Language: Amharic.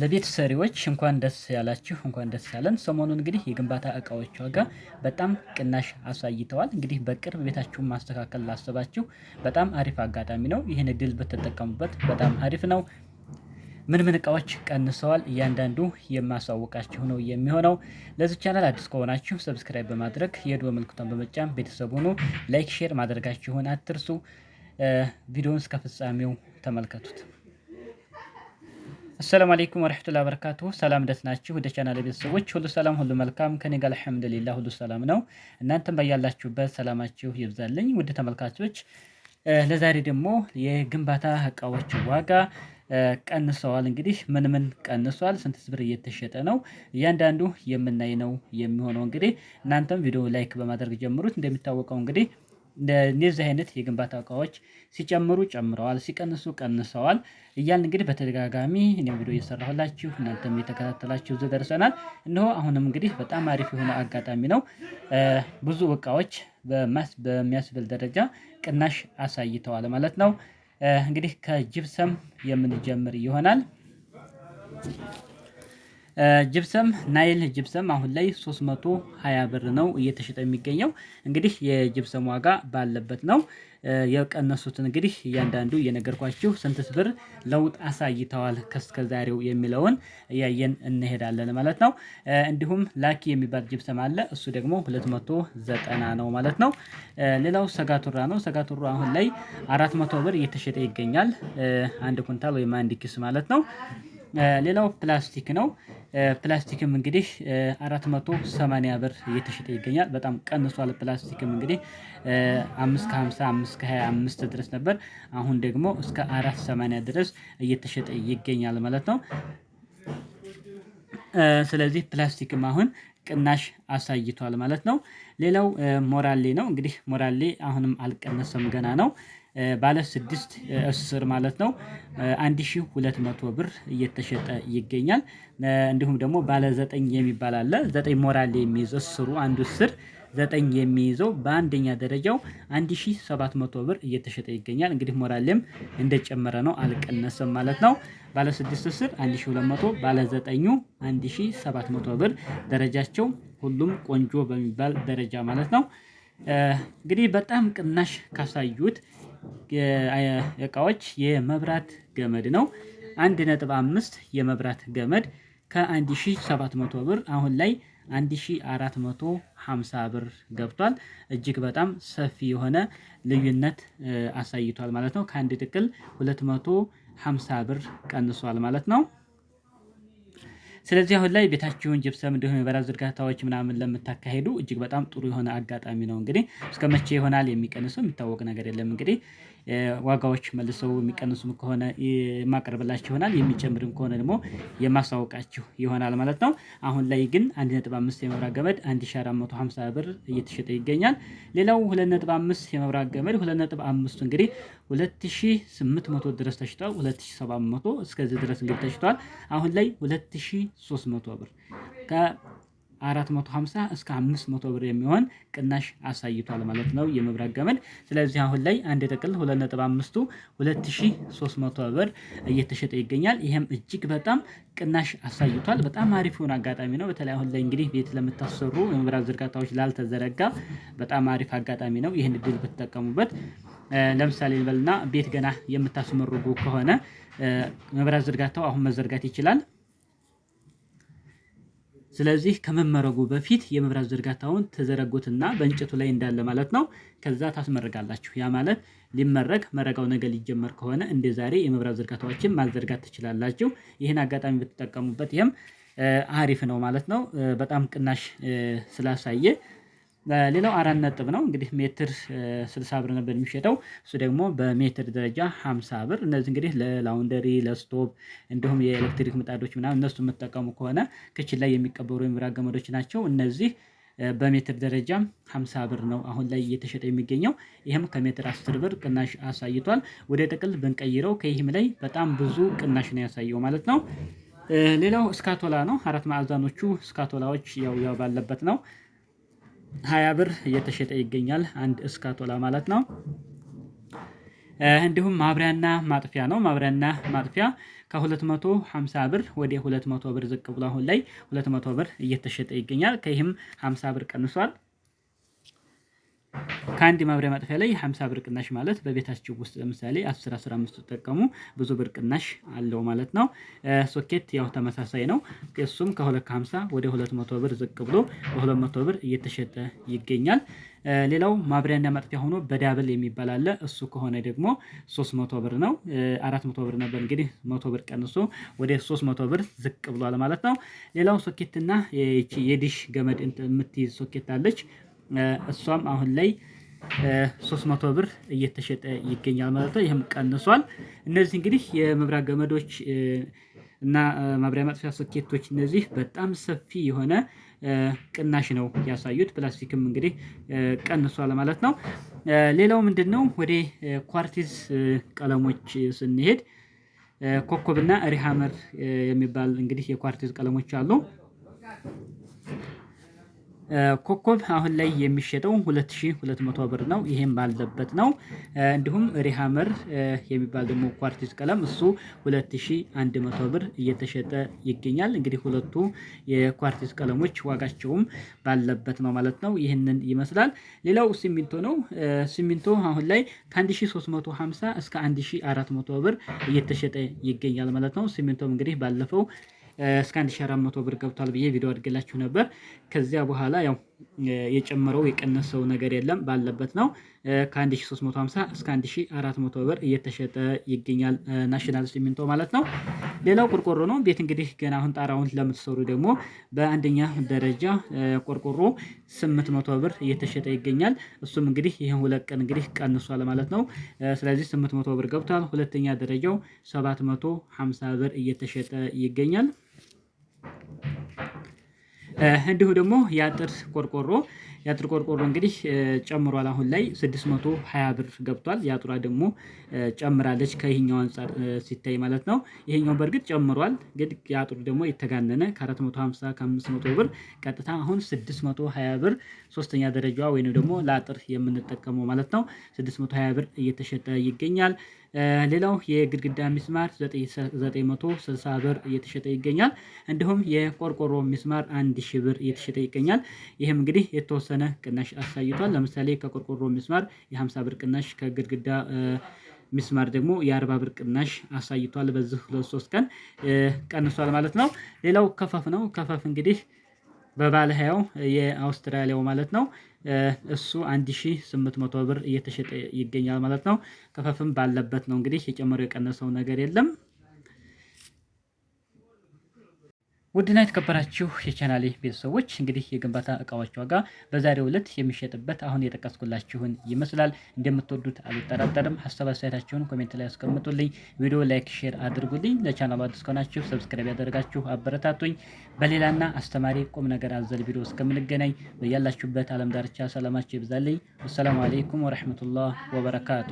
ለቤት ሰሪዎች እንኳን ደስ ያላችሁ፣ እንኳን ደስ ያለን። ሰሞኑን እንግዲህ የግንባታ እቃዎች ዋጋ በጣም ቅናሽ አሳይተዋል። እንግዲህ በቅርብ ቤታችሁን ማስተካከል ላሰባችሁ በጣም አሪፍ አጋጣሚ ነው። ይህን እድል ብትጠቀሙበት በጣም አሪፍ ነው። ምን ምን እቃዎች ቀንሰዋል? እያንዳንዱ የማሳወቃችሁ ነው የሚሆነው። ለዚህ ቻናል አዲስ ከሆናችሁ ሰብስክራይብ በማድረግ የደወል ምልክቷን በመጫን ቤተሰብ ሁኑ። ላይክ፣ ሼር ማድረጋችሁን አትርሱ። ቪዲዮውን እስከ ፍጻሜው ተመልከቱት። አሰላሙ አለይኩም ወረህመቱላሂ ወበረካቱ። ሰላም ደስ ናችሁ ወደ ቻናል ቤተሰቦች ሁሉ ሰላም ሁሉ መልካም ከኔ ጋር አልሐምዱሊላህ ሁሉ ሰላም ነው። እናንተም በያላችሁበት ሰላማችሁ ይብዛልኝ። ውድ ተመልካቾች ለዛሬ ደግሞ የግንባታ እቃዎች ዋጋ ቀንሰዋል። እንግዲህ ምን ምን ቀንሷል፣ ስንት ብር እየተሸጠ ነው፣ እያንዳንዱ የምናይ ነው የሚሆነው። እንግዲህ እናንተም ቪዲዮ ላይክ በማድረግ ጀምሩት። እንደሚታወቀው እንግዲህ እንደዚህ አይነት የግንባታ እቃዎች ሲጨምሩ ጨምረዋል፣ ሲቀንሱ ቀንሰዋል እያልን እንግዲህ በተደጋጋሚ እኔ ቪዲዮ እየሰራሁላችሁ እናንተም የተከታተላችሁ እዚህ ደርሰናል። እነሆ አሁንም እንግዲህ በጣም አሪፍ የሆነ አጋጣሚ ነው። ብዙ እቃዎች በሚያስብል ደረጃ ቅናሽ አሳይተዋል ማለት ነው። እንግዲህ ከጅብሰም የምንጀምር ይሆናል። ጅብሰም ናይል ጅብሰም አሁን ላይ 320 ብር ነው እየተሸጠ የሚገኘው። እንግዲህ የጅብሰም ዋጋ ባለበት ነው የቀነሱት እንግዲህ እያንዳንዱ እየነገርኳችሁ ስንትስ ብር ለውጥ አሳይተዋል ዛሬው የሚለውን እያየን እንሄዳለን ማለት ነው። እንዲሁም ላኪ የሚባል ጅብሰም አለ። እሱ ደግሞ 290 ነው ማለት ነው። ሌላው ሰጋቱራ ነው። ሰጋቱራ አሁን ላይ 400 ብር እየተሸጠ ይገኛል። አንድ ኩንታል ወይም አንድ ኪስ ማለት ነው። ሌላው ፕላስቲክ ነው። ፕላስቲክም እንግዲህ 480 ብር እየተሸጠ ይገኛል። በጣም ቀንሷል። ፕላስቲክም እንግዲህ 5525 525 ድረስ ነበር። አሁን ደግሞ እስከ 480 ድረስ እየተሸጠ ይገኛል ማለት ነው። ስለዚህ ፕላስቲክም አሁን ቅናሽ አሳይቷል ማለት ነው። ሌላው ሞራሌ ነው። እንግዲህ ሞራሌ አሁንም አልቀነሰም ገና ነው። ባለ ስድስት እስር ማለት ነው 1200 ብር እየተሸጠ ይገኛል። እንዲሁም ደግሞ ባለ ዘጠኝ የሚባል አለ። ዘጠኝ ሞራሌ የሚይዝ እስሩ አንዱ እስር ዘጠኝ የሚይዘው በአንደኛ ደረጃው 1700 ብር እየተሸጠ ይገኛል። እንግዲህ ሞራሌም እንደጨመረ ነው፣ አልቀነሰም ማለት ነው። ባለ 6 ስር 1200፣ ባለ 9 1700 ብር ደረጃቸው ሁሉም ቆንጆ በሚባል ደረጃ ማለት ነው። እንግዲህ በጣም ቅናሽ ካሳዩት እቃዎች የመብራት ገመድ ነው። 1.5 የመብራት ገመድ ከ1700 ብር አሁን ላይ 1450 ብር ገብቷል። እጅግ በጣም ሰፊ የሆነ ልዩነት አሳይቷል ማለት ነው። ከአንድ ጥቅል 250 ብር ቀንሷል ማለት ነው። ስለዚህ አሁን ላይ ቤታችሁን ጅብሰም እንዲሁም የበራ ዝርጋታዎች ምናምን ለምታካሄዱ እጅግ በጣም ጥሩ የሆነ አጋጣሚ ነው። እንግዲህ እስከ መቼ ይሆናል የሚቀንሰው የሚታወቅ ነገር የለም እንግዲህ ዋጋዎች መልሰው የሚቀንሱም ከሆነ የማቀርብላችሁ ይሆናል። የሚጨምርም ከሆነ ደግሞ የማስታወቃችሁ ይሆናል ማለት ነው። አሁን ላይ ግን 1.5 የመብራት ገመድ 1450 ብር እየተሸጠ ይገኛል። ሌላው 2.5 የመብራት ገመድ 2.5 እንግዲህ 2800 ድረስ ተሽጧል። 2700 እስከዚህ ድረስ እንግዲህ ተሽጧል። አሁን ላይ 2300 ብር 450 እስከ 500 ብር የሚሆን ቅናሽ አሳይቷል ማለት ነው የመብራት ገመድ። ስለዚህ አሁን ላይ አንድ ጥቅል 2.5ቱ 2300 ብር እየተሸጠ ይገኛል። ይህም እጅግ በጣም ቅናሽ አሳይቷል። በጣም አሪፍ የሆነ አጋጣሚ ነው። በተለይ አሁን ላይ እንግዲህ ቤት ለምታሰሩ የመብራት ዝርጋታዎች ላልተዘረጋ በጣም አሪፍ አጋጣሚ ነው። ይህን እድል ብትጠቀሙበት ለምሳሌ በልና ቤት ገና የምታስመርጉ ከሆነ መብራት ዝርጋታው አሁን መዘርጋት ይችላል። ስለዚህ ከመመረጉ በፊት የመብራት ዝርጋታውን ተዘረጉትና በእንጨቱ ላይ እንዳለ ማለት ነው። ከዛ ታስመርጋላችሁ። ያ ማለት ሊመረግ መረጋው ነገር ሊጀመር ከሆነ እንደ ዛሬ የመብራት ዝርጋታዎችን ማዘርጋት ትችላላችሁ። ይህን አጋጣሚ ብትጠቀሙበት ይህም አሪፍ ነው ማለት ነው። በጣም ቅናሽ ስላሳየ ሌላው አራት ነጥብ ነው እንግዲህ ሜትር ስልሳ ብር ነበር የሚሸጠው እሱ ደግሞ በሜትር ደረጃ ሀምሳ ብር። እነዚህ እንግዲህ ለላውንደሪ ለስቶቭ እንዲሁም የኤሌክትሪክ ምጣዶች ምናምን እነሱ የምትጠቀሙ ከሆነ ክችን ላይ የሚቀበሩ የምብራት ገመዶች ናቸው። እነዚህ በሜትር ደረጃ ሀምሳ ብር ነው አሁን ላይ እየተሸጠ የሚገኘው። ይህም ከሜትር አስር ብር ቅናሽ አሳይቷል። ወደ ጥቅል ብንቀይረው ከይህም ላይ በጣም ብዙ ቅናሽ ነው ያሳየው ማለት ነው። ሌላው እስካቶላ ነው። አራት ማዕዛኖቹ እስካቶላዎች ያው ያው ባለበት ነው ሀያ ብር እየተሸጠ ይገኛል። አንድ እስካቶላ ማለት ነው። እንዲሁም ማብሪያና ማጥፊያ ነው። ማብሪያና ማጥፊያ ከ250 ብር ወደ 200 ብር ዝቅ ብሎ አሁን ላይ 200 ብር እየተሸጠ ይገኛል። ከይህም 50 ብር ቀንሷል። ከአንድ የማብሪያ ማጥፊያ ላይ 50 ብር ቅናሽ ማለት በቤታችሁ ውስጥ ለምሳሌ 10 15 ተጠቀሙ ብዙ ብር ቅናሽ አለው ማለት ነው። ሶኬት ያው ተመሳሳይ ነው። እሱም ከ250 ወደ 200 ብር ዝቅ ብሎ በ200 ብር እየተሸጠ ይገኛል። ሌላው ማብሪያና ማጥፊያ ሆኖ በዳብል የሚባል አለ። እሱ ከሆነ ደግሞ 300 ብር ነው። 400 ብር ነበር እንግዲህ 100 ብር ቀንሶ ወደ 300 ብር ዝቅ ብሏል ማለት ነው። ሌላው ሶኬትና የዲሽ ገመድ የምትይዝ ሶኬት አለች እሷም አሁን ላይ 300 ብር እየተሸጠ ይገኛል ማለት ነው። ይህም ቀንሷል። እነዚህ እንግዲህ የመብራት ገመዶች እና ማብሪያ ማጥፊያ ሶኬቶች እነዚህ በጣም ሰፊ የሆነ ቅናሽ ነው ያሳዩት። ፕላስቲክም እንግዲህ ቀንሷል ማለት ነው። ሌላው ምንድን ነው ወደ ኳርቲዝ ቀለሞች ስንሄድ ኮከብና ሪሃመር የሚባል እንግዲህ የኳርቲዝ ቀለሞች አሉ። ኮከብ አሁን ላይ የሚሸጠው 2200 ብር ነው። ይሄም ባለበት ነው። እንዲሁም ሪሃመር የሚባል ደግሞ ኳርቲዝ ቀለም እሱ 2100 ብር እየተሸጠ ይገኛል። እንግዲህ ሁለቱ የኳርቲዝ ቀለሞች ዋጋቸውም ባለበት ነው ማለት ነው። ይህንን ይመስላል። ሌላው ሲሚንቶ ነው። ሲሚንቶ አሁን ላይ ከ1350 እስከ 1400 ብር እየተሸጠ ይገኛል ማለት ነው። ሲሚንቶም እንግዲህ ባለፈው እስከ 1400 ብር ገብቷል ብዬ ቪዲዮ አድርጌላችሁ ነበር። ከዚያ በኋላ ያው የጨመረው የቀነሰው ነገር የለም፣ ባለበት ነው። ከ1350 እስከ 1400 ብር እየተሸጠ ይገኛል ናሽናል ሲሚንቶ ማለት ነው። ሌላው ቆርቆሮ ነው። ቤት እንግዲህ ገና አሁን ጣራውን ለምትሰሩ ደግሞ በአንደኛ ደረጃ ቆርቆሮ 800 ብር እየተሸጠ ይገኛል። እሱም እንግዲህ ይህን ሁለት ቀን እንግዲህ ቀንሷል ማለት ነው። ስለዚህ 800 ብር ገብቷል። ሁለተኛ ደረጃው 750 ብር እየተሸጠ ይገኛል። እንዲሁ ደግሞ የአጥር ቆርቆሮ የአጥር ቆርቆሮ እንግዲህ ጨምሯል። አሁን ላይ 620 ብር ገብቷል። የአጥሯ ደግሞ ጨምራለች ከይህኛው አንጻር ሲታይ ማለት ነው። ይሄኛው በእርግጥ ጨምሯል፣ ግን የአጥሩ ደግሞ የተጋነነ ከ450 ከ500 ብር ቀጥታ አሁን 620 ብር ሶስተኛ ደረጃ ወይም ደግሞ ለአጥር የምንጠቀመው ማለት ነው 620 ብር እየተሸጠ ይገኛል። ሌላው የግድግዳ ሚስማር 960 ብር እየተሸጠ ይገኛል። እንዲሁም የቆርቆሮ ሚስማር 1000 ብር እየተሸጠ ይገኛል። ይህም እንግዲህ የተወሰነ ቅናሽ አሳይቷል። ለምሳሌ ከቆርቆሮ ሚስማር የ50 ብር ቅናሽ ከግድግዳ ሚስማር ደግሞ የአርባ ብር ቅናሽ አሳይቷል። በዚህ ሁለት ሶስት ቀን ቀንሷል ማለት ነው። ሌላው ከፈፍ ነው። ከፈፍ እንግዲህ በባለ ሀያው የአውስትራሊያው ማለት ነው እሱ 1800 ብር እየተሸጠ ይገኛል ማለት ነው። ክፈፍም ባለበት ነው እንግዲህ የጨመረው የቀነሰው ነገር የለም። ውድና የተከበራችሁ የቻናሌ ቤተሰቦች እንግዲህ የግንባታ እቃዎች ዋጋ በዛሬው ዕለት የሚሸጥበት አሁን የጠቀስኩላችሁን ይመስላል። እንደምትወዱት አልጠራጠርም። ሀሳብ አስተያየታችሁን ኮሜንት ላይ አስቀምጡልኝ ቪዲዮ ላይክ፣ ሼር አድርጉልኝ። ለቻናሉ አዲስ ከሆናችሁ ሰብስክራይብ ያደረጋችሁ አበረታቱኝ። በሌላና አስተማሪ ቁም ነገር አዘል ቪዲዮ እስከምንገናኝ በያላችሁበት ዓለም ዳርቻ ሰላማችሁ ይብዛልኝ። አሰላሙ አሌይኩም ወረህመቱላህ ወበረካቱ